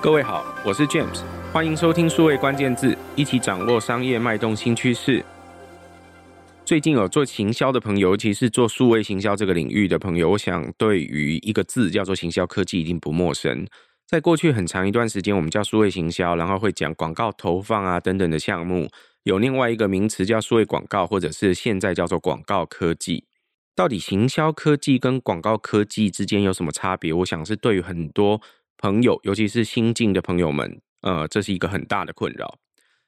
各位好，我是 James，歡迎收聽數位關鍵字，一起掌握商業脈動新趨勢。最近有做行銷的朋友，尤其是做數位行銷這個領域的朋友，我想對於一個字叫做行銷科技，一定不陌生。在過去很長一段時間，我們叫數位行銷，然後會講廣告投放啊等等的項目。有另外一個名詞叫數位廣告，或者是現在叫做廣告科技。到底行銷科技跟廣告科技之間有什麼差別？我想是對於很多，朋友，尤其是新進的朋友們，呃，這是一個很大的困擾。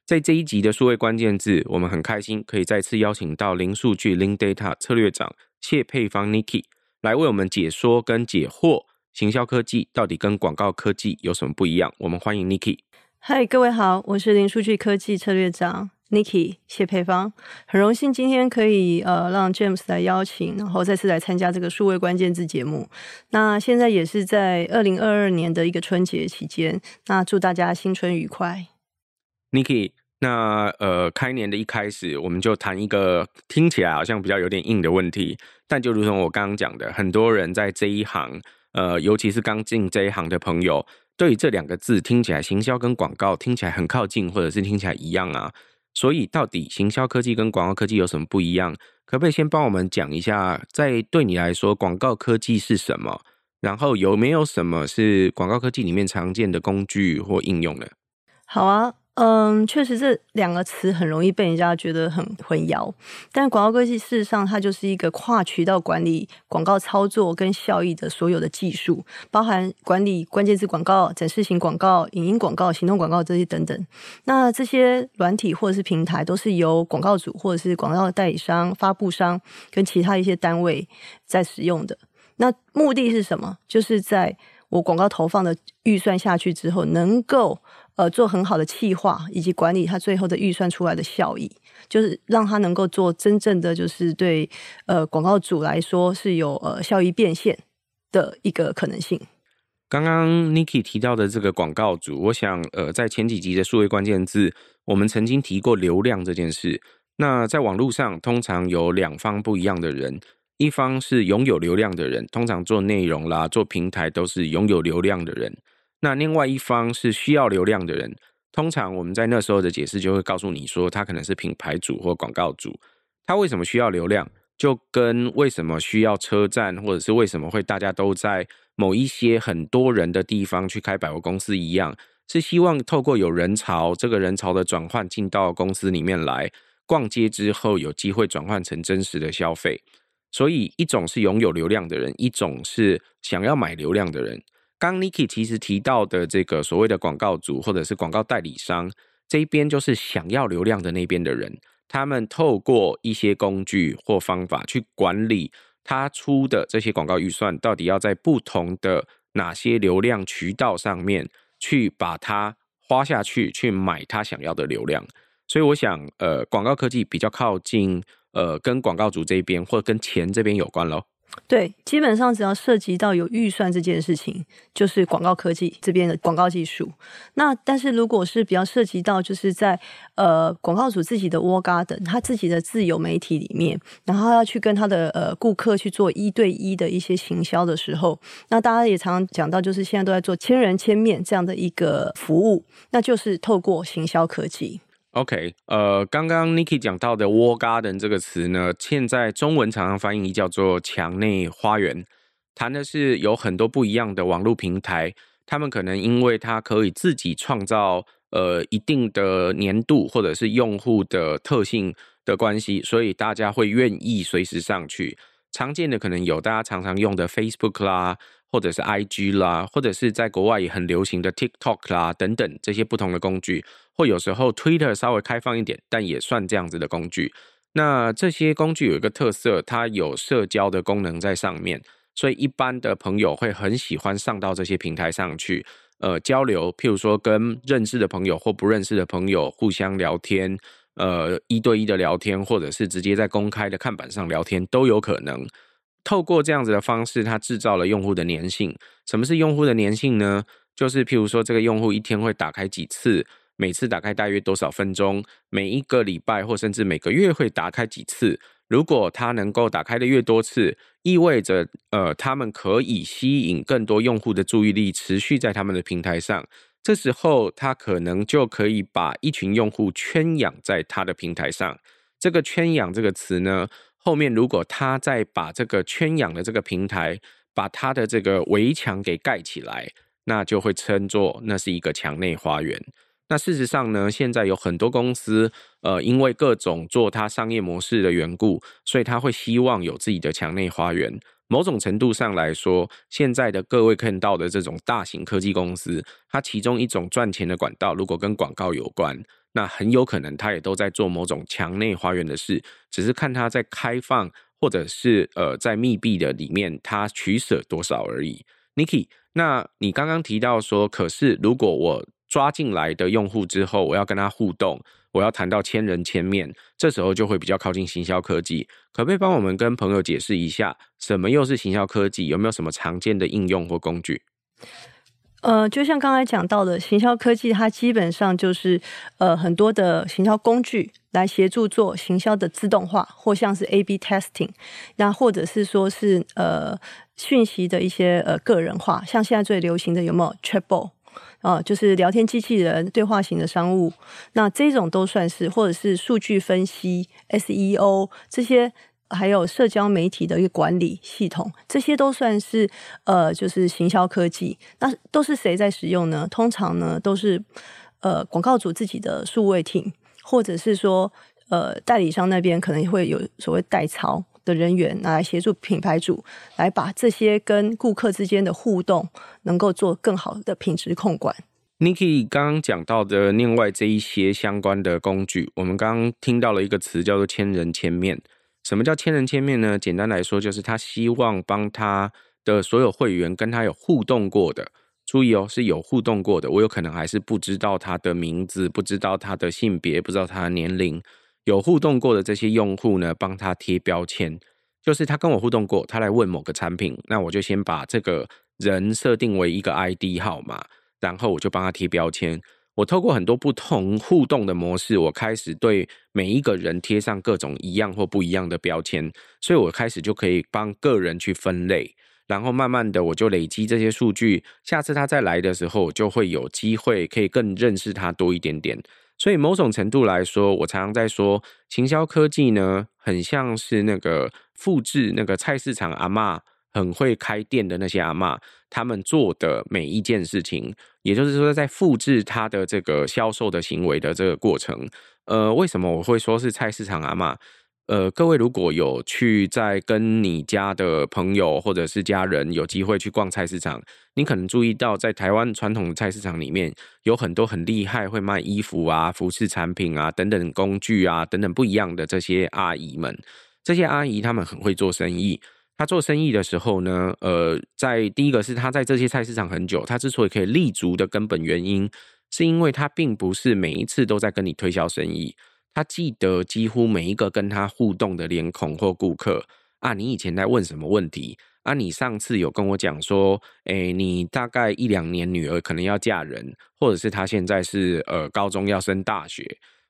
在這一集的數位關鍵字，我們很開心可以再次邀請到麟數據 LnData 策略長謝佩芳 Nicky 來為我們解說跟解惑，行銷科技到底跟廣告科技有什麼不一樣？我們歡迎 Nicky。嗨，hey, 各位好，我是麟數據科技策略長。Nicky 謝佩芳，很榮幸今天可以呃讓 James 來邀請，然後再次來參加這個數位關鍵字節目。那現在也是在二零二二年的一個春節期間，那祝大家新春愉快。Nicky，那呃開年的一開始，我們就談一個聽起來好像比較有點硬的問題，但就如同我剛剛講的，很多人在這一行，呃，尤其是剛進這一行的朋友，對於這兩個字聽起來，行銷跟廣告聽起來很靠近，或者是聽起來一樣啊。所以，到底行銷科技跟廣告科技有什麼不一樣？可不可以先幫我們講一下，在對你來說，廣告科技是什麼？然後有沒有什麼是廣告科技裡面常見的工具或應用呢？好啊。嗯，確實這兩個詞很容易被人家覺得很混淆。但廣告科技事實上它就是一個跨渠道管理廣告操作跟效益的所有的技術，包含管理關鍵字廣告、展示型廣告、影音廣告、行動廣告這些等等。那這些軟體或者是平台都是由廣告主或者是廣告代理商、發布商跟其他一些單位在使用的。那目的是什麼？就是在我廣告投放的預算下去之後，能夠。呃，做很好的企劃以及管理，他最後的預算出來的效益，就是讓他能夠做真正的，就是對呃廣告主來說是有呃效益變現的一個可能性。剛剛 Nicky 提到的這個廣告主，我想呃，在前幾集的數位關鍵字，我們曾經提過流量這件事。那在網絡上，通常有兩方不一樣的人，一方是擁有流量的人，通常做內容啦、做平台都是擁有流量的人。那另外一方是需要流量的人，通常我們在那時候的解釋就會告訴你說，他可能是品牌主或廣告主，他為什麼需要流量，就跟為什麼需要車站，或者是為什麼會大家都在某一些很多人的地方去開百貨公司一樣，是希望透過有人潮，這個人潮的轉換進到公司裡面來逛街之後，有機會轉換成真實的消費。所以一種是擁有流量的人，一種是想要買流量的人。剛 Nicky 其實提到的這個所謂的廣告主或者是廣告代理商這一邊，就是想要流量的那邊的人，他們透過一些工具或方法去管理他出的這些廣告預算，到底要在不同的哪些流量渠道上面去把它花下去，去買他想要的流量。所以我想，呃，廣告科技比較靠近，呃，跟廣告主這邊或者跟錢這邊有關咯。對，基本上只要涉及到有預算這件事情，就是廣告科技這邊的廣告技術。那但是如果是比較涉及到就是在呃廣告主自己的 walled garden，他自己的自有媒體裡面，然後要去跟他的呃顧客去做一對一的一些行銷的時候，那大家也常常講到，就是現在都在做千人千面這樣的一個服務，那就是透過行銷科技。OK，呃，剛剛 Nicky 講到的“ walled garden” 這個詞呢，現在中文常常翻譯叫做“牆內花園”。談的是有很多不一樣的網絡平台，他們可能因為它可以自己創造呃一定的年度或者是用戶的特性的關係，所以大家會願意隨時上去。常見的可能有大家常常用的 Facebook 啦，或者是 IG 啦，或者是在國外也很流行的 TikTok 啦等等這些不同的工具。或有時候 Twitter 稍微開放一點，但也算這樣子的工具。那這些工具有一個特色，它有社交的功能在上面，所以一般的朋友會很喜歡上到這些平台上去，呃，交流。譬如說，跟認識的朋友或不認識的朋友互相聊天，呃，一對一的聊天，或者是直接在公開的看板上聊天，都有可能。透過這樣子的方式，它制造了用戶的粘性。什麼是用戶的粘性呢？就是譬如說，這個用戶一天會打開幾次？每次打開大約多少分鐘？每一個禮拜或甚至每個月會打開幾次？如果它能夠打開的越多次，意味着呃，他們可以吸引更多用戶的注意力，持續在他們的平台上。這時候，他可能就可以把一群用戶圈養在他的平台上。這個“圈養”這個詞呢，後面如果他再把這個圈養的這個平台，把他的這個圍牆給蓋起來，那就會稱作那是一個牆內花園。那事實上呢，現在有很多公司，呃，因為各種做它商業模式的緣故，所以它會希望有自己的牆內花園。某種程度上來說，現在的各位看到的這種大型科技公司，它其中一種賺錢的管道，如果跟廣告有關，那很有可能它也都在做某種牆內花園的事，只是看它在開放，或者是，呃，在密閉的裡面，它取舍多少而已。Nicky，那你剛剛提到說，可是如果我。抓進來的用戶之後，我要跟他互動，我要談到千人千面，這時候就會比較靠近行銷科技。可不可以幫我們跟朋友解釋一下，什麼又是行銷科技？有沒有什麼常見的應用或工具？呃，就像剛才講到的，行銷科技它基本上就是呃很多的行銷工具來協助做行銷的自動化，或像是 A/B testing，那或者是說是呃訊息的一些呃個人化，像現在最流行的有沒有 Triple？啊、呃，就是聊天機器人、對話型的商務，那這種都算是，或者是數據分析、SEO 這些，還有社交媒體的一個管理系統，這些都算是呃，就是行銷科技。那都是誰在使用呢？通常呢，都是呃廣告主自己的數位艇，或者是說呃代理商那邊可能會有所謂代操。的人員來協助品牌主，來把這些跟顧客之間的互動能夠做更好的品質控管。Nicky 剛剛講到的另外這一些相關的工具，我們剛剛聽到了一個詞叫做“千人千面”。什麼叫“千人千面”呢？簡單來說，就是他希望幫他的所有會員跟他有互動過的，注意哦，是有互動過的。我有可能還是不知道他的名字，不知道他的性別，不知道他的年齡。有互動過的這些用戶呢，幫他貼標籤，就是他跟我互動過，他來問某個產品，那我就先把這個人設定為一個 ID 號碼，然後我就幫他貼標籤。我透過很多不同互動的模式，我開始對每一個人貼上各種一樣或不一樣的標籤，所以我開始就可以幫個人去分類，然後慢慢的我就累積這些數據，下次他再來的時候，就會有機會可以更認識他多一點點。所以某種程度來說，我常常在說，行銷科技呢，很像是那個複製那個菜市場阿嬤，很會開店的那些阿嬤，他們做的每一件事情，也就是說，在複製他的這個銷售的行為的這個過程。呃，為什麼我會說是菜市場阿嬤？呃，各位如果有去在跟你家的朋友或者是家人有機會去逛菜市場，你可能注意到在台灣傳統菜市場裡面有很多很厲害會賣衣服啊、服飾產品啊等等工具啊等等不一樣的這些阿姨們。這些阿姨她們很會做生意，她做生意的時候呢，呃，在第一個是她在這些菜市場很久，她之所以可以立足的根本原因，是因為她並不是每一次都在跟你推銷生意。他記得幾乎每一個跟他互動的臉孔或顧客啊，你以前在問什麼問題啊？你上次有跟我講說，哎、欸，你大概一兩年女兒可能要嫁人，或者是她現在是呃高中要升大學，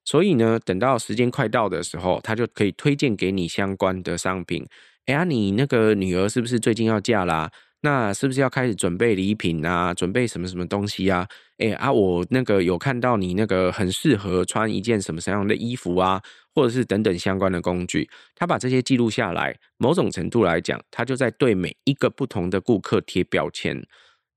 所以呢，等到時間快到的時候，他就可以推薦給你相關的商品。哎、欸、呀、啊，你那個女兒是不是最近要嫁啦、啊？那是不是要開始準備禮品啊？準備什麼什麼東西啊？哎、欸、啊，我那個有看到你那個很適合穿一件什麼什麼樣的衣服啊，或者是等等相關的工具。他把這些記錄下來，某種程度來講，他就在對每一個不同的顧客貼標籤。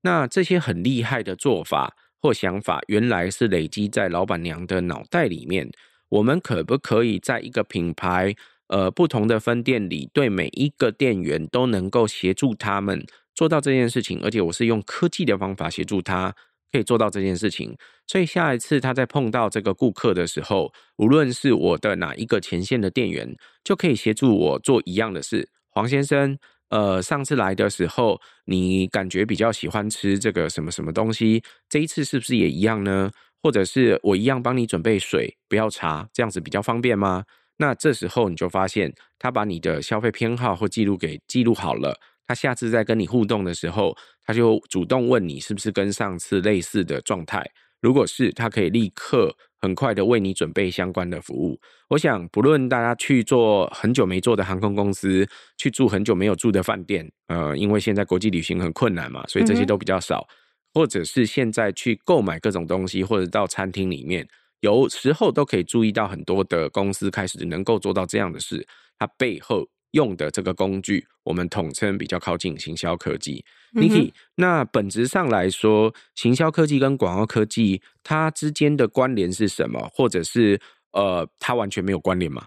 那這些很厲害的做法或想法，原來是累積在老板娘的腦袋裡面。我們可不可以在一個品牌呃不同的分店裡，對每一個店員都能夠協助他們？做到這件事情，而且我是用科技的方法協助他可以做到這件事情，所以下一次他在碰到這個顧客的時候，無論是我的哪一個前線的店員，就可以協助我做一樣的事。黃先生，呃，上次來的時候你感覺比較喜歡吃這個什麼什麼東西，這一次是不是也一樣呢？或者是我一樣幫你準備水，不要茶，這樣子比較方便嗎？那這時候你就發現他把你的消費偏好或記錄給記錄好了。他下次再跟你互動的時候，他就主動問你是不是跟上次類似的狀態。如果是，他可以立刻、很快地為你準備相關的服務。我想，不論大家去做很久沒做的航空公司，去住很久沒有住的飯店，呃，因為現在國際旅行很困難嘛，所以這些都比較少。嗯哼。或者是現在去購買各種東西，或者到餐廳裡面，有時候都可以注意到很多的公司開始能夠做到這樣的事。它背後。用的這個工具，我們統稱比較靠近行銷科技。Nicky，嗯哼。那本質上來說，行銷科技跟廣告科技它之間的關聯是什麼，或者是呃，它完全沒有關聯嗎？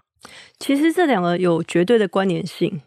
其實這兩個有絕對的關聯性。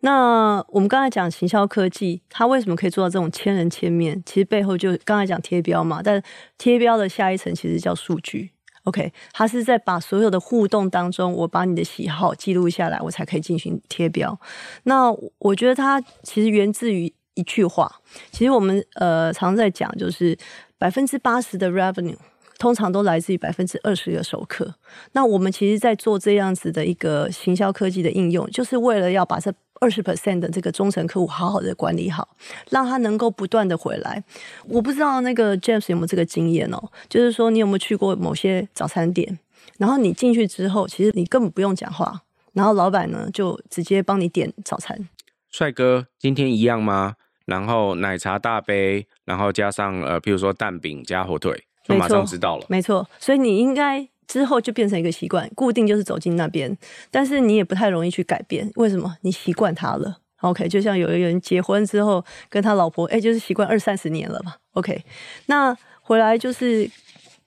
那我們剛才講行銷科技，它為什麼可以做到這種千人千面？其實背後就剛才講貼標嘛，但貼標的下一層其實叫數據。OK，他是在把所有的互動當中，我把你的喜好記錄下來，我才可以進行貼標。那我覺得他其實源自於一句話，其實我們呃常在講，就是百分之八十的 revenue。通常都來自於百分之二十的熟客。那我們其實，在做這樣子的一個行銷科技的應用，就是為了要把這二十 percent 的這個忠誠客戶好好的管理好，讓他能夠不斷的回來。我不知道那個 James 有沒有這個經驗哦，就是說你有沒有去過某些早餐店，然後你進去之後，其實你根本不用講話，然後老闆呢就直接幫你點早餐。帥哥，今天一樣嗎？然後奶茶大杯，然後加上呃，譬如說蛋餅加火腿。馬上知道了沒錯，沒錯，所以你應該之後就變成一個習慣，固定就是走進那邊，但是你也不太容易去改變，為什麼？你習慣他了，OK？就像有的人結婚之後跟他老婆，哎，就是習慣二三十年了吧，OK？那回來就是。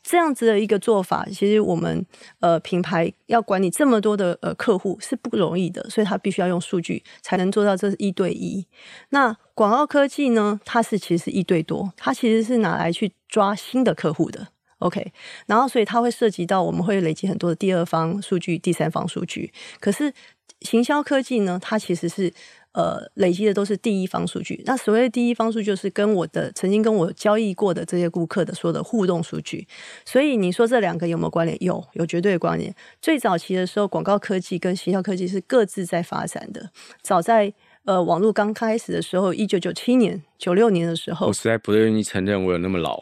這樣子的一個做法，其實我們呃品牌要管理這麼多的呃客戶是不容易的，所以它必須要用數據才能做到，這是一對一。那廣告科技呢，它是其實是一對多，它其實是拿來去抓新的客戶的，OK。然後所以它會涉及到我們會累積很多的第二方數據、第三方數據。可是行銷科技呢，它其實是。呃，累積的都是第一方數據。那所謂的第一方數據，就是跟我的曾經跟我交易過的這些顧客的說的互動數據。所以你說這兩個有沒有關聯？有，有絕對的關聯。最早期的時候，廣告科技跟行銷科技是各自在發展的。早在呃，網絡剛開始的時候，一九九七年、九六年的時候，我實在不願意承認我有那麼老。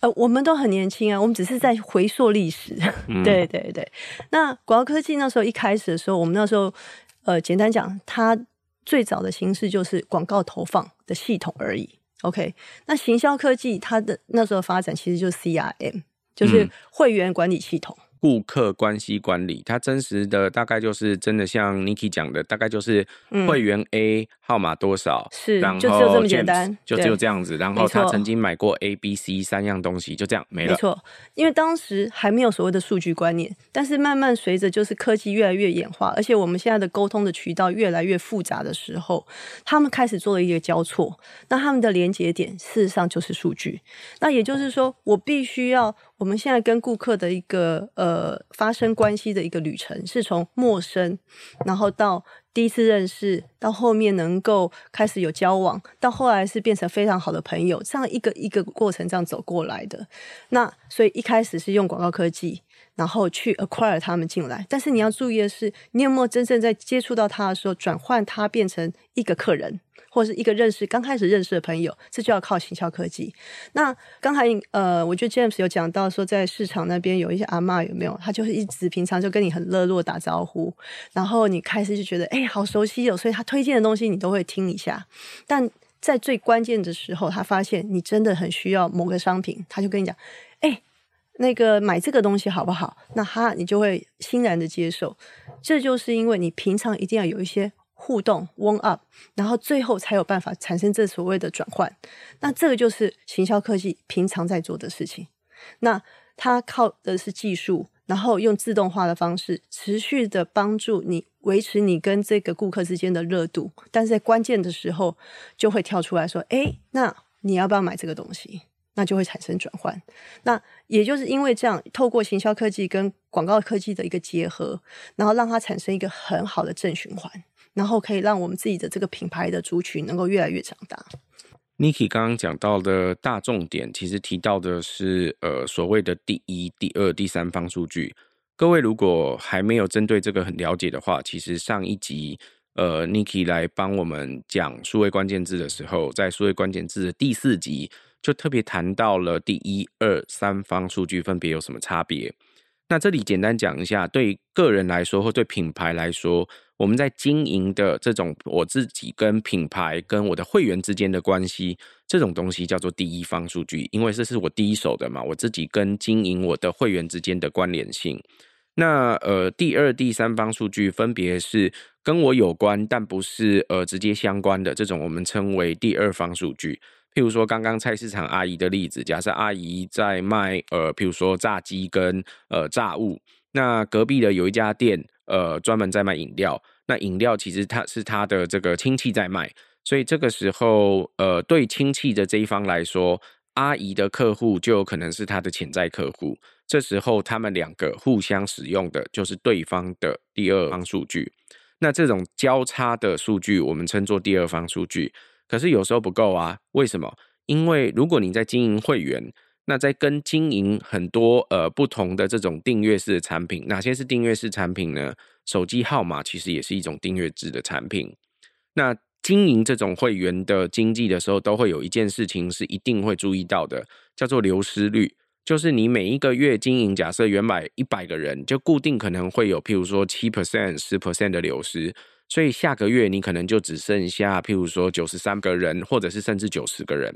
呃，我們都很年輕啊，我們只是在回溯歷史。嗯、 對對對，那廣告科技那時候一開始的時候，我們那時候呃，簡單講它。最早的形式就是廣告投放的系統而已，OK？那行銷科技它的那時候的發展其實就是 CRM，就是會員管理系統。嗯顧客關係管理，它真實的大概就是真的像 Nicky 講的，大概就是會員 A 號碼多少，是、嗯，然後就只有這麼簡單，就只有這樣子。然後他曾經買過 A、B、C 三樣東西，就這樣沒了。沒錯，因為當時還沒有所謂的數據觀念，但是慢慢隨着就是科技越來越演化，而且我們現在的溝通的渠道越來越複雜的時候，他們開始做了一個交錯。那他們的連接點事實上就是數據。那也就是說，我必須要。我們現在跟顧客的一個呃發生關係的一個旅程，是從陌生，然後到第一次認識，到後面能夠開始有交往，到後來是變成非常好的朋友，這樣一個一個過程這樣走過來的。那所以一開始是用廣告科技。然後去 acquire 他們進來，但是你要注意的是，你有沒有真正在接觸到他的時候，轉換他變成一個客人，或者是一個認識剛開始認識的朋友，這就要靠行銷科技。那剛才呃，我覺得 James 有講到說，在市場那邊有一些阿嬤有沒有，他就是一直平常就跟你很熱絡打招呼，然後你開始就覺得，哎、欸，好熟悉哦，所以他推薦的東西你都會聽一下。但在最關鍵的時候，他發現你真的很需要某個商品，他就跟你講，哎、欸。那個買這個東西好不好？那哈，你就會欣然的接受。這就是因為你平常一定要有一些互動，warm up，然後最後才有辦法產生這所謂的轉換。那這個就是行銷科技平常在做的事情。那它靠的是技術，然後用自動化的方式持續的幫助你維持你跟這個顧客之間的熱度，但是在關鍵的時候就會跳出來說：“誒，那你要不要買這個東西？”那就會產生轉換，那也就是因為這樣，透過行銷科技跟廣告科技的一個結合，然後讓它產生一個很好的正循環，然後可以讓我們自己的這個品牌的族群能夠越來越強大。Nicky 剛剛講到的大重點，其實提到的是呃所謂的第一、第二、第三方數據。各位如果還沒有針對這個很了解的話，其實上一集呃 Nicky 來幫我們講數位關鍵字的時候，在數位關鍵字的第四集。就特別談到了第一、二、三方數據分別有什麼差別。那這裡簡單講一下，對個人來說，或對品牌來說，我們在經營的這種我自己跟品牌跟我的會員之間的關係，這種東西叫做第一方數據，因為這是我第一手的嘛，我自己跟經營我的會員之間的關聯性。那呃，第二、第三方數據分別是跟我有關但不是呃直接相關的這種，我們稱為第二方數據。譬如說，剛剛菜市場阿姨的例子，假設阿姨在賣呃，譬如說炸雞跟呃炸物，那隔壁的有一家店，呃，專門在賣飲料。那飲料其實他是他的這個親戚在賣，所以這個時候，呃，對親戚的這一方來說，阿姨的客戶就有可能是他的潛在客戶。這時候，他們兩個互相使用的就是對方的第二方數據。那這種交叉的數據，我們稱作第二方數據。可是有時候不夠啊？為什麼？因為如果你在經營會員，那在跟經營很多呃不同的這種訂閱式的產品，哪些是訂閱式產品呢？手機號碼其實也是一種訂閱制的產品。那經營這種會員的經濟的時候，都會有一件事情是一定會注意到的，叫做流失率，就是你每一個月經營，假設原本一百個人，就固定可能會有，譬如說七 percent、十 percent 的流失。所以下個月你可能就只剩下，譬如說九十三個人，或者是甚至九十個人，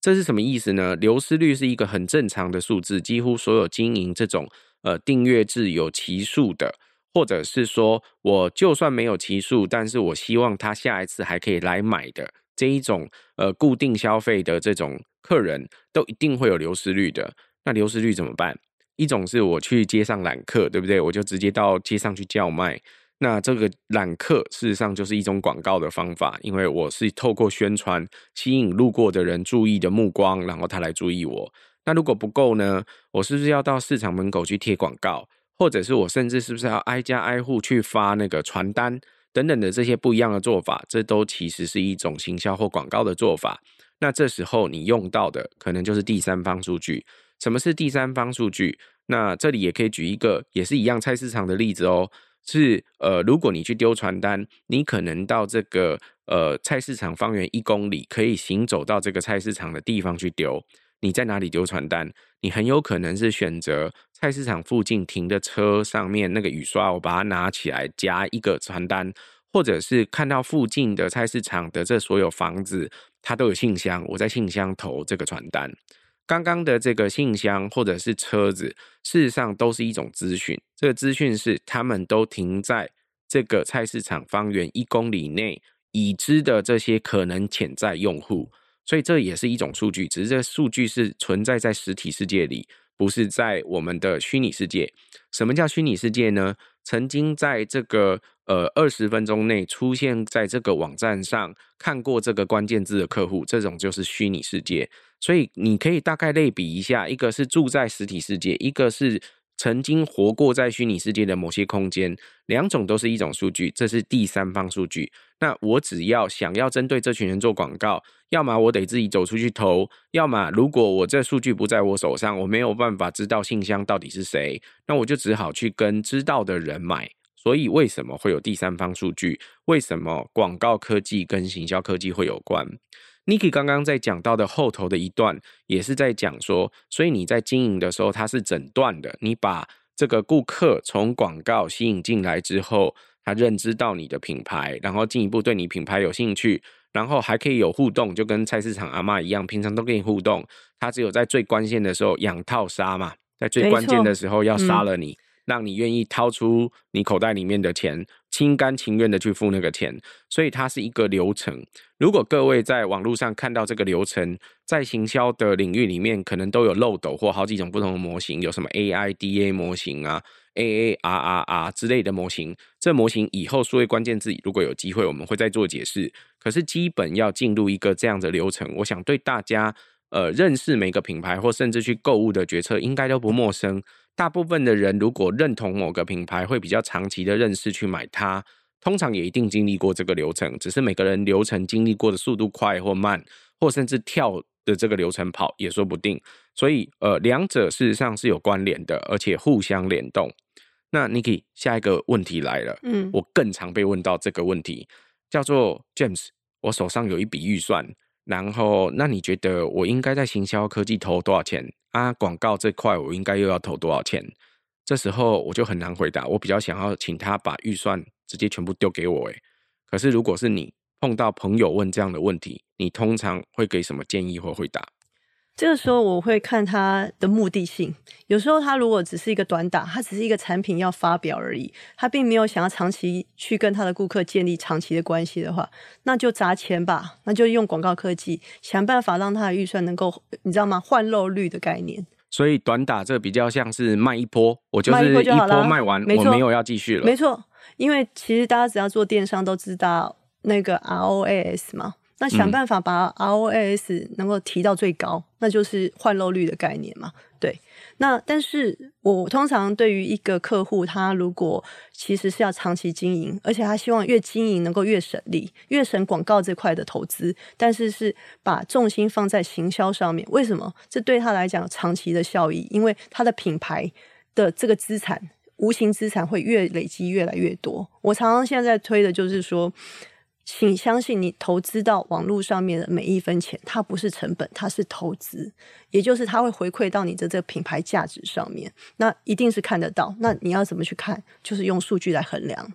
這是什麼意思呢？流失率是一個很正常的數字，幾乎所有經營這種呃訂閱制有期數的，或者是說我就算沒有期數，但是我希望他下一次還可以來買的這一種呃固定消費的這種客人都一定會有流失率的。那流失率怎麼辦？一種是我去街上攬客，對不對？我就直接到街上去叫賣。那這個攬客事實上就是一種廣告的方法，因為我是透過宣傳吸引路過的人注意的目光，然後他來注意我。那如果不夠呢，我是不是要到市場門口去貼廣告，或者是我甚至是不是要挨家挨戶去發那個傳單等等的這些不一樣的做法？這都其實是一種行銷或廣告的做法。那這時候你用到的可能就是第三方數據。什麼是第三方數據？那這裡也可以舉一個也是一樣菜市場的例子哦。是呃，如果你去丟傳單，你可能到這個呃菜市場方圓一公里可以行走到這個菜市場的地方去丟。你在哪裡丟傳單？你很有可能是選擇菜市場附近停的車上面那個雨刷，我把它拿起來夾一個傳單，或者是看到附近的菜市場的這所有房子，它都有信箱，我在信箱投這個傳單。剛剛的這個信箱或者是車子，事實上都是一種資訊。這個資訊是他們都停在這個菜市場方圓一公里內已知的這些可能潛在用戶，所以這也是一種數據。只是這數據是存在在實體世界裡，不是在我們的虛擬世界。什麼叫虛擬世界呢？曾經在這個。呃，二十分鐘內出現在這個網站上看過這個關鍵字的客戶，這種就是虛擬世界。所以你可以大概類比一下，一個是住在實體世界，一個是曾經活過在虛擬世界的某些空間，兩種都是一種數據，這是第三方數據。那我只要想要針對這群人做廣告，要麼我得自己走出去投，要麼如果我這數據不在我手上，我沒有辦法知道信箱到底是誰，那我就只好去跟知道的人買。所以為什麼會有第三方數據？為什麼廣告科技跟行銷科技會有關？Nicky 剛剛在講到的後頭的一段，也是在講說，所以你在經營的時候，它是整段的。你把這個顧客從廣告吸引進來之後，他認知到你的品牌，然後進一步對你品牌有興趣，然後還可以有互動，就跟菜市場阿媽一樣，平常都跟你互動，他只有在最關鍵的時候養套殺嘛，在最關鍵的時候要殺了你。讓你願意掏出你口袋裡面的錢，心甘情願的去付那個錢，所以它是一個流程。如果各位在網絡上看到這個流程，在行銷的領域裡面，可能都有漏斗或好幾種不同的模型，有什麼 AIDA 模型啊，AARRR 之類的模型。這模型以後數位關鍵字，如果有機會我們會再做解釋。可是基本要進入一個這樣的流程，我想對大家呃認識每個品牌或甚至去購物的決策應該都不陌生。大部分的人如果認同某個品牌，會比較長期的認識去買它，通常也一定經歷過這個流程，只是每個人流程經歷過的速度快或慢，或甚至跳的這個流程跑也說不定。所以，呃，兩者事實上是有關聯的，而且互相聯動。那 Nicky，下一個問題來了，嗯，我更常被問到這個問題，叫做 James，我手上有一筆預算。然後，那你覺得我應該在行銷科技投多少錢？啊，廣告這塊我應該又要投多少錢？這時候我就很難回答。我比較想要請他把預算直接全部丟給我。誒。可是如果是你碰到朋友問這樣的問題，你通常會給什麼建議或回答？這個時候我會看他的目的性，有時候他如果只是一個短打，他只是一個產品要發表而已，他並沒有想要長期去跟他的顧客建立長期的關係的話，那就砸錢吧，那就用廣告科技想辦法讓他的預算能夠，你知道嗎？換漏率的概念。所以短打這比較像是賣一波，我就是一波賣完，賣一波就好啦，我沒有要繼續了。沒錯，因為其實大家只要做電商都知道那個 ROAS 嘛。那想辦法把 ROAS 能夠提到最高，嗯、那就是換漏率的概念嘛。對，那但是我通常對於一個客戶，他如果其實是要長期經營，而且他希望越經營能夠越省力，越省廣告這塊的投資，但是是把重心放在行銷上面。為什麼？這對他來講長期的效益，因為他的品牌的這個資產，無形資產會越累積越來越多。我常常現在推的就是說。請相信，你投資到網絡上面的每一分錢，它不是成本，它是投資，也就是它會回饋到你的這個品牌價值上面，那一定是看得到。那你要怎麼去看？就是用數據來衡量。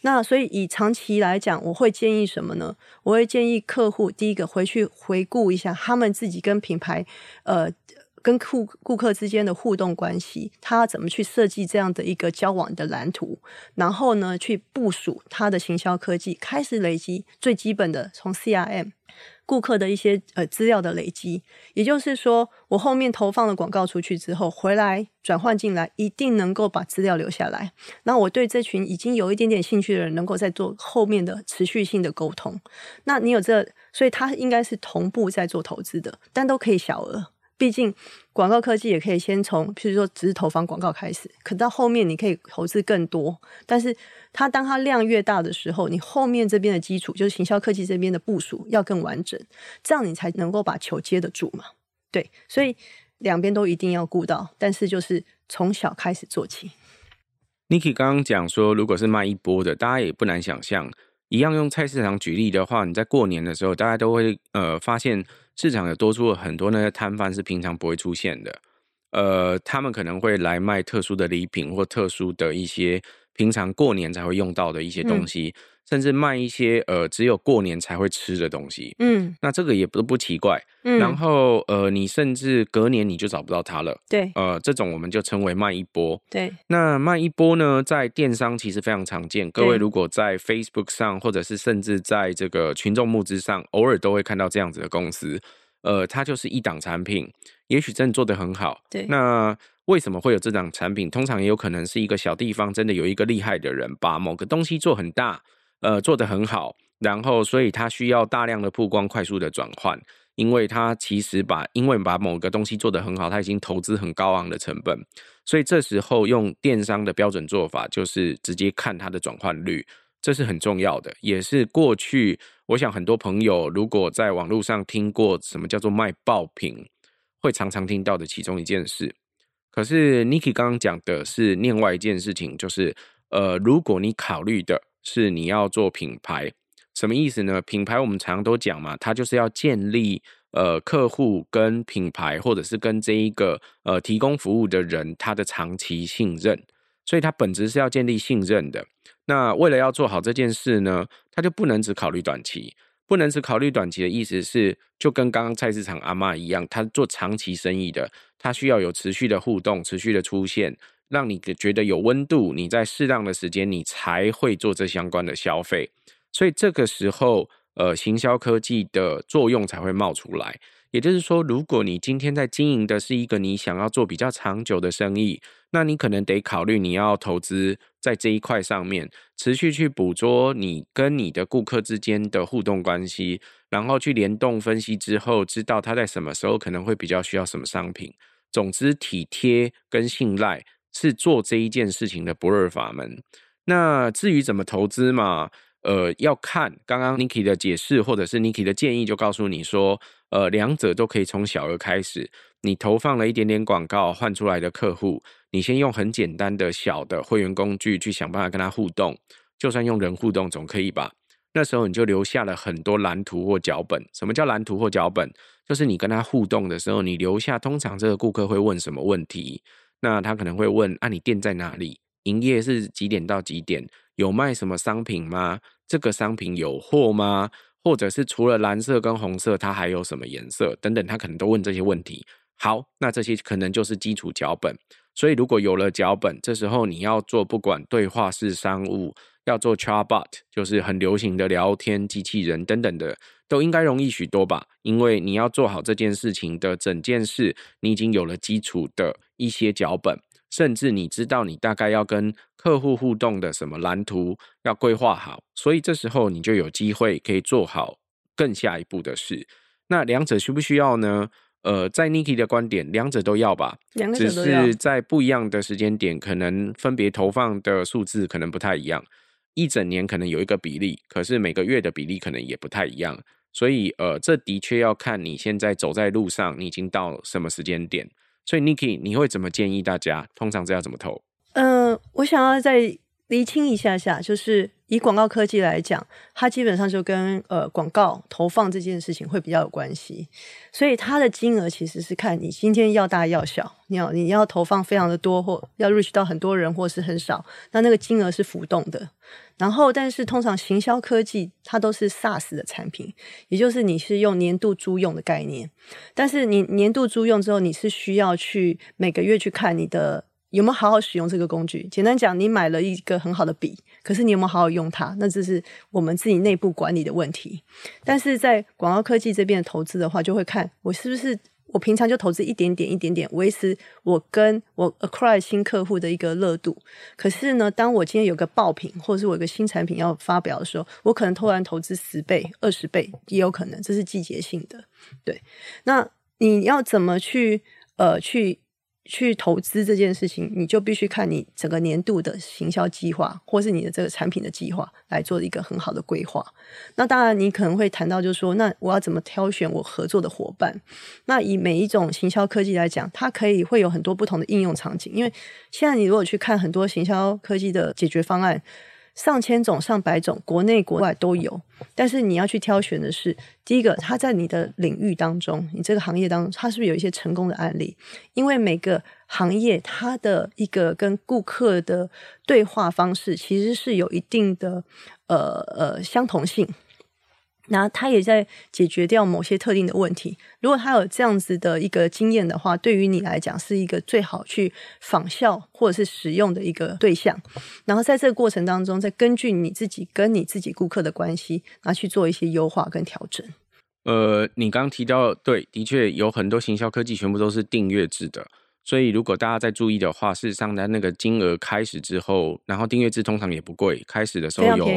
那所以以長期來講，我會建議什麼呢？我會建議客戶第一個回去回顧一下他們自己跟品牌，呃。跟客顧客之間的互動關係，他怎麼去設計這樣的一個交往的藍圖，然後呢，去部署他的行銷科技，開始累積最基本的從 CRM 顧客的一些呃資料的累積，也就是說，我後面投放了廣告出去之後，回來轉換進來，一定能夠把資料留下來。那我對這群已經有一點點興趣的人，能夠再做後面的持續性的溝通。那你有這，所以他應該是同步在做投資的，但都可以小額。畢竟，廣告科技也可以先從，譬如說只是投放廣告開始，可到後面你可以投資更多。但是，它當它量越大的時候，你後面這邊的基礎就是行銷科技這邊的部署要更完整，這樣你才能夠把球接得住嘛。對，所以兩邊都一定要顧到，但是就是從小開始做起。Nicky 剛剛講說，如果是賣一波的，大家也不難想象，一樣用菜市場舉例的話，你在過年的時候，大家都會呃發現。市場也多出了很多，那些攤販是平常不會出現的，呃，他們可能會來賣特殊的禮品或特殊的一些平常過年才會用到的一些東西。嗯甚至賣一些呃，只有過年才會吃的東西，嗯，那這個也不，不奇怪，嗯，然後呃，你甚至隔年你就找不到它了，對，呃，這種我們就稱為賣一波，對，那賣一波呢，在電商其實非常常見，各位如果在 Facebook 上對或者是甚至在這個群眾募資上，偶爾都會看到這樣子的公司，呃，它就是一檔產品，也許真的做得很好，對，那為什麼會有這檔產品？通常也有可能是一個小地方真的有一個厲害的人，把某個東西做很大。呃，做得很好，然後所以它需要大量的曝光，快速的轉換，因為它其實把因為把某個東西做得很好，它已經投資很高昂的成本，所以這時候用電商的標準做法就是直接看它的轉換率，這是很重要的，也是過去我想很多朋友如果在網絡上聽過什麼叫做賣爆品，會常常聽到的其中一件事。可是 Nicky 剛剛講的是另外一件事情，就是呃，如果你考慮的。是你要做品牌，什麼意思呢？品牌我們常常都講嘛，它就是要建立呃客戶跟品牌，或者是跟這一個呃提供服務的人他的長期信任，所以它本質是要建立信任的。那為了要做好這件事呢，他就不能只考慮短期，不能只考慮短期的意思是，就跟剛剛菜市場阿媽一樣，他做長期生意的，他需要有持續的互動，持續的出現。讓你覺得有溫度，你在適當的時間，你才會做這相關的消費。所以這個時候，呃，行銷科技的作用才會冒出來。也就是說，如果你今天在經營的是一個你想要做比較長久的生意，那你可能得考慮你要投資在這一塊上面，持續去捕捉你跟你的顧客之間的互動關係，然後去聯動分析之後，知道他在什麼時候可能會比較需要什麼商品。總之，體貼跟信賴。是做這一件事情的不二法門。那至於怎麼投資嘛，呃，要看剛剛 Nicky 的解釋或者是 Nicky 的建議，就告訴你說，呃，兩者都可以從小額開始。你投放了一點點廣告換出來的客戶，你先用很簡單的小的會員工具去想辦法跟他互動，就算用人互動總可以吧？那時候你就留下了很多藍圖或腳本。什麼叫藍圖或腳本？就是你跟他互動的時候，你留下通常這個顧客會問什麼問題。那他可能會問：啊，你店在哪裡？營業是幾點到幾點？有賣什麼商品嗎？這個商品有貨嗎？或者是除了藍色跟紅色，它還有什麼顏色？等等，他可能都問這些問題。好，那這些可能就是基礎腳本。所以，如果有了腳本，這時候你要做不管對話式商務，要做 Chatbot，就是很流行的聊天機器人等等的，都應該容易許多吧？因為你要做好這件事情的整件事，你已經有了基礎的。一些腳本，甚至你知道你大概要跟客戶互動的什麼藍圖要規劃好，所以這時候你就有機會可以做好更下一步的事。那兩者需不需要呢？呃，在 Nicky 的觀點，兩者都要吧，兩者只是在不一樣的時間點，可能分別投放的數字可能不太一樣。一整年可能有一個比例，可是每個月的比例可能也不太一樣。所以，呃，這的確要看你現在走在路上，你已經到什麼時間點。所以，Nicky，你會怎麼建議大家？通常這要怎麼投？嗯、呃，我想要再釐清一下下，就是以廣告科技來講，它基本上就跟呃廣告投放這件事情會比較有關係。所以，它的金額其實是看你今天要大要小，你要你要投放非常的多，或要 reach 到很多人，或是很少，那那個金額是浮動的。然後，但是通常行銷科技它都是 SaaS 的產品，也就是你是用年度租用的概念。但是你年度租用之後，你是需要去每個月去看你的有沒有好好使用這個工具。簡單講，你買了一個很好的筆，可是你有沒有好好用它？那這是我們自己內部管理的問題。但是在廣告科技這邊的投資的話，就會看我是不是。我平常就投資一點點，一點點維持我跟我 acquire 新客戶的一個熱度。可是呢，當我今天有個爆品，或者是我有個新產品要發表的時候，我可能突然投資十倍、二十倍也有可能，這是季節性的。對，那你要怎麼去呃去？去投資這件事情，你就必須看你整個年度的行銷計劃，或是你的這個產品的計劃，來做一個很好的規劃。那當然，你可能會談到，就是說，那我要怎麼挑選我合作的夥伴？那以每一種行銷科技來講，它可以會有很多不同的應用場景，因為現在你如果去看很多行銷科技的解決方案。上千種、上百種，國內國外都有。但是你要去挑選的是，第一個，它在你的領域當中，你這個行業當中，它是不是有一些成功的案例？因為每個行業，它的一個跟顧客的對話方式，其實是有一定的呃呃相同性。然後他也在解決掉某些特定的問題。如果他有這樣子的一個經驗的話，對於你來講是一個最好去仿效或者是使用的一個對象。然後在這個過程當中，再根據你自己跟你自己顧客的關係，然後去做一些優化跟調整。呃，你剛剛提到，對，的確有很多行銷科技全部都是訂閱制的。所以，如果大家在注意的話，事實上，在那個金額開始之後，然後訂閱制通常也不貴。開始的時候有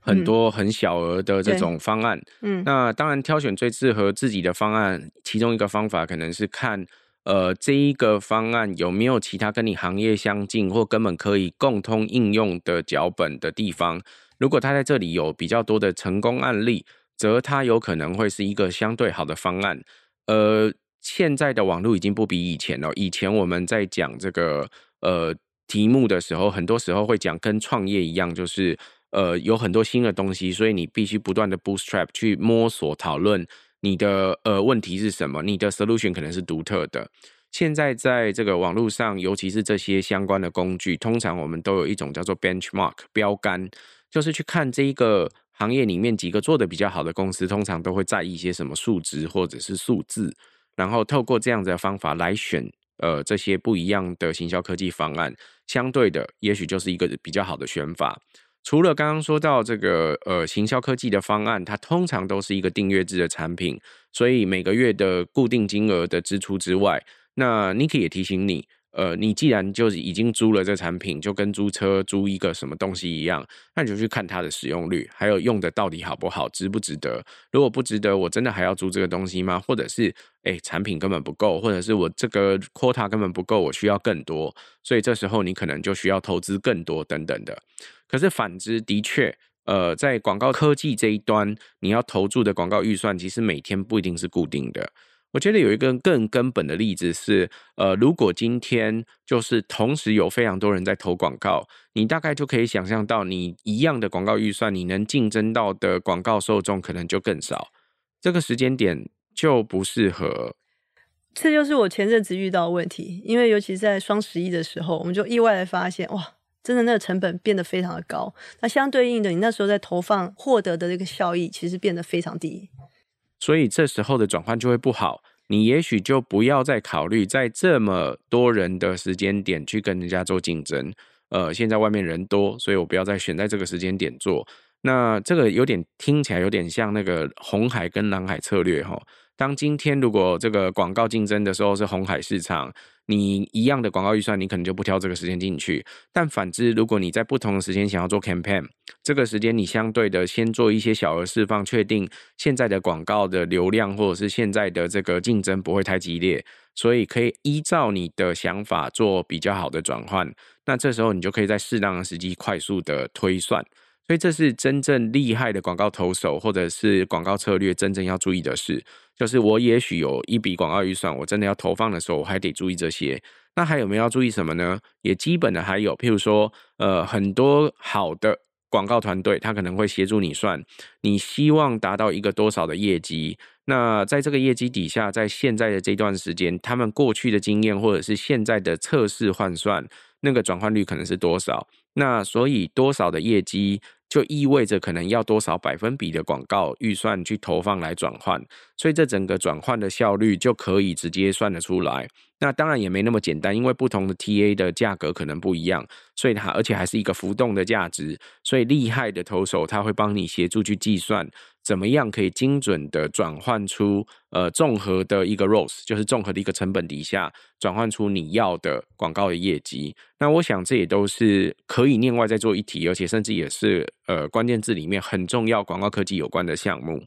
很多很小額的這種方案。嗯，嗯，那當然挑選最適合自己的方案，其中一個方法可能是看，呃，這一個方案有沒有其他跟你行業相近或根本可以共通應用的腳本的地方。如果它在這裡有比較多的成功案例，則它有可能會是一個相對好的方案。呃。現在的網絡已經不比以前了。以前我們在講這個呃題目的時候，很多時候會講跟創業一樣，就是呃有很多新的東西，所以你必須不斷的 bootstrap 去摸索、討論你的呃問題是什麼，你的 solution 可能是獨特的。現在在這個網絡上，尤其是這些相關的工具，通常我們都有一種叫做 benchmark 標杆，就是去看這一個行業裡面幾個做得比較好的公司，通常都會在意一些什麼數值或者是數字。然後透過這樣子的方法來選，呃，這些不一樣的行銷科技方案，相對的，也許就是一個比較好的選法。除了剛剛說到這個，呃，行銷科技的方案，它通常都是一個訂閱制的產品，所以每個月的固定金額的支出之外，那 Nicky 也提醒你。呃，你既然就已經租了這產品，就跟租車租一個什麼東西一樣，那你就去看它的使用率，還有用的到底好不好，值不值得？如果不值得，我真的還要租這個東西嗎？或者是，哎，產品根本不夠，或者是我這個 quota 根本不夠，我需要更多，所以這時候你可能就需要投資更多等等的。可是反之，的確，呃，在廣告科技這一端，你要投注的廣告預算，其實每天不一定是固定的。我覺得有一個更根本的例子是，呃，如果今天就是同時有非常多人在投廣告，你大概就可以想象到，你一樣的廣告預算，你能競爭到的廣告受眾可能就更少。這個時間點就不適合。這就是我前陣子遇到的問題，因為尤其在雙十一的時候，我們就意外的發現，哇，真的那個成本變得非常的高，那相對應的，你那時候在投放獲得的這個效益，其實變得非常低。所以這時候的轉換就會不好，你也許就不要再考慮在這麼多人的時間點去跟人家做競爭。呃，現在外面人多，所以我不要再選在這個時間點做。那這個有點聽起來有點像那個紅海跟藍海策略哈、哦。當今天如果這個廣告競爭的時候是紅海市場，你一樣的廣告預算，你可能就不挑這個時間進去。但反之，如果你在不同的時間想要做 campaign，這個時間你相對的先做一些小額釋放，確定現在的廣告的流量或者是現在的這個競爭不會太激烈，所以可以依照你的想法做比較好的轉換。那這時候你就可以在適當的時機快速的推算。所以，這是真正厲害的廣告投手，或者是廣告策略真正要注意的事，就是我也許有一筆廣告預算，我真的要投放的時候，我還得注意這些。那還有沒有要注意什麼呢？也基本的還有，譬如說，呃，很多好的廣告團隊，他可能會協助你算，你希望達到一個多少的業績。那在這個業績底下，在現在的這段時間，他們過去的經驗，或者是現在的測試換算，那個轉換率可能是多少？那所以多少的業績就意味着可能要多少百分比的廣告預算去投放來轉換，所以這整個轉換的效率就可以直接算得出來。那當然也沒那麼簡單，因為不同的 TA 的價格可能不一樣，所以它而且還是一個浮動的價值。所以厲害的投手，他會幫你協助去計算，怎麼樣可以精準的轉換出呃綜合的一個 ROAS，就是綜合的一個成本底下轉換出你要的廣告的業績。那我想，這也都是可以另外再做一題，而且甚至也是呃關鍵字裡面很重要，廣告科技有關的項目。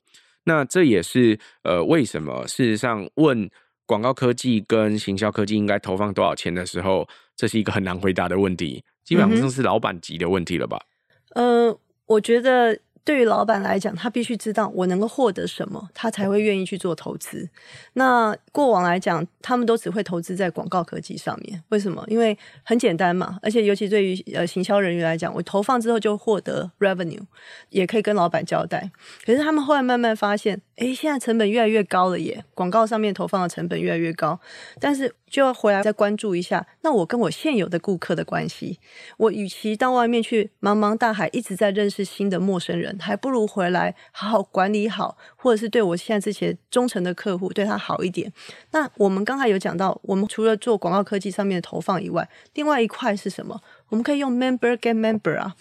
那這也是呃為什麼事實上問廣告科技跟行銷科技應該投放多少錢的時候，這是一個很難回答的問題，基本上是老板級的問題了吧？嗯、呃，我覺得。對於老闆來講，他必須知道我能夠獲得什麼，他才會願意去做投資。那過往來講，他們都只會投資在廣告科技上面，為什麼？因為很簡單嘛，而且尤其對於呃行銷人員來講，我投放之後就獲得 revenue，也可以跟老闆交代。可是他們後來慢慢發現，誒，現在成本越來越高了耶，廣告上面投放的成本越來越高，但是就要回來再關注一下，那我跟我現有的顧客的關係，我與其到外面去茫茫大海一直在認識新的陌生人，還不如回來好好管理好，或者是對我現在這些忠誠的客戶，對他好一點。那我們剛才有講到，我們除了做廣告科技上面的投放以外，另外一塊是什麼？我們可以用 member get member 啊，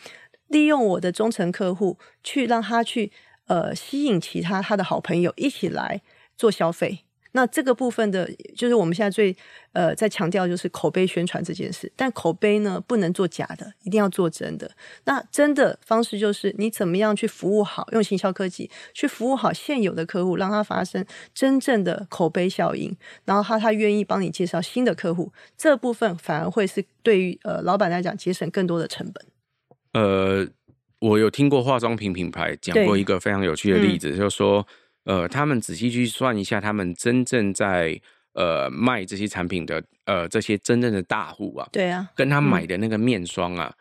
利用我的忠誠客戶去讓他去呃吸引其他他的好朋友一起來做消費。那這個部分的，就是我們現在最呃在強調，就是口碑宣傳這件事。但口碑呢，不能做假的，一定要做真的。那真的方式就是你怎麼樣去服務好，用行銷科技去服務好現有的客戶，讓他發生真正的口碑效應，然後他他願意幫你介紹新的客戶。這部分反而會是對於呃老板來講節省更多的成本。呃，我有聽過化妝品品牌講過一個非常有趣的例子，就是說。嗯呃，他們仔細去算一下，他們真正在呃賣這些產品的呃這些真正的大戶啊，對啊，跟他買的那個面霜啊，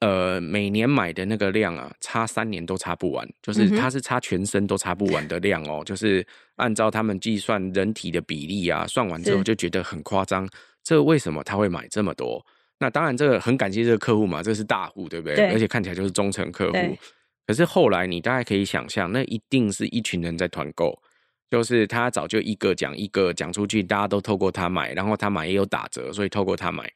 嗯、呃，每年買的那個量啊，擦三年都擦不完，就是他是擦全身都擦不完的量哦，嗯、哼就是按照他們計算人體的比例啊， 算完之後就覺得很誇張。是這為什麼他會買這麼多？那當然，這個很感謝這個客戶嘛，這是大戶，對不對？對，而且看起來就是忠誠客戶。可是後來，你大概可以想象，那一定是一群人在團購，就是他早就一個講一個講出去，大家都透過他買，然後他買也有打折，所以透過他買。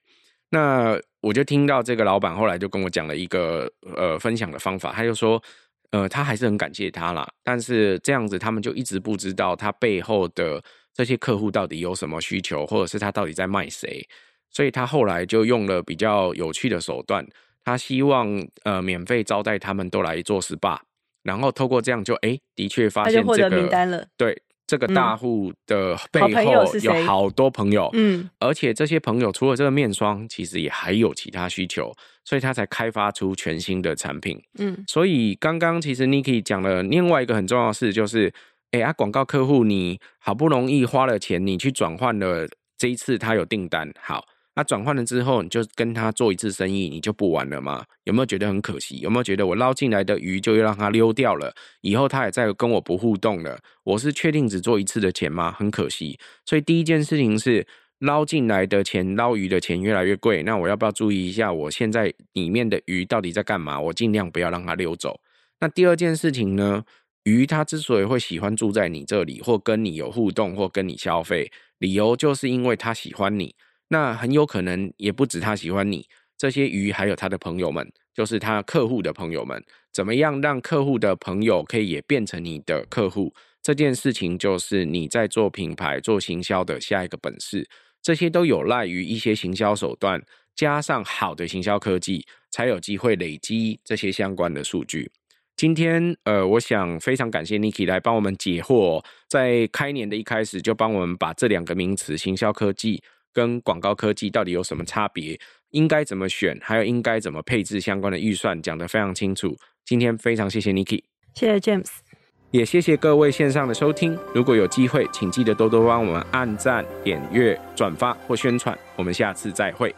那我就聽到這個老闆後來就跟我講了一個呃分享的方法，他就說，呃，他還是很感謝他啦，但是這樣子他們就一直不知道他背後的這些客戶到底有什麼需求，或者是他到底在賣誰，所以他後來就用了比較有趣的手段。他希望呃免費招待他們都來做 SPA，然後透過這樣就哎、欸，的確發現這個名單了對這個大戶的、嗯、背後有好多朋友，朋友嗯，而且這些朋友除了這個面霜，其實也還有其他需求，所以他才開發出全新的產品，嗯，所以剛剛其實 Nicky 講了另外一個很重要的事就是，哎、欸，啊廣告客戶你好不容易花了錢，你去轉換了這一次他有訂單好。那轉換了之後，你就跟他做一次生意，你就不玩了嗎？有沒有覺得很可惜？有沒有覺得我撈進來的魚就要讓他溜掉了？以後他也再跟我不互動了。我是確定只做一次的錢嗎？很可惜。所以第一件事情是撈進來的錢、撈魚的錢越來越貴，那我要不要注意一下我現在裡面的魚到底在幹嘛？我盡量不要讓它溜走。那第二件事情呢？魚它之所以會喜歡住在你這裡，或跟你有互動，或跟你消費，理由就是因為它喜歡你。那很有可能也不止他喜歡你，這些魚還有他的朋友們，就是他客戶的朋友們。怎麼樣讓客戶的朋友可以也變成你的客戶？這件事情就是你在做品牌做行銷的下一個本事。這些都有賴於一些行銷手段，加上好的行銷科技，才有機會累積這些相關的數據。今天，呃，我想非常感謝 Nicky 來幫我們解惑哦，在開年的一開始就幫我們把這兩個名詞行銷科技。跟廣告科技到底有什麼差別？應該怎麼選？還有應該怎麼配置相關的預算？講得非常清楚。今天非常謝謝 Nicky，謝謝 James，也謝謝各位線上的收聽。如果有機會，請記得多多幫我們按讚、點閱、轉發或宣傳。我們下次再會。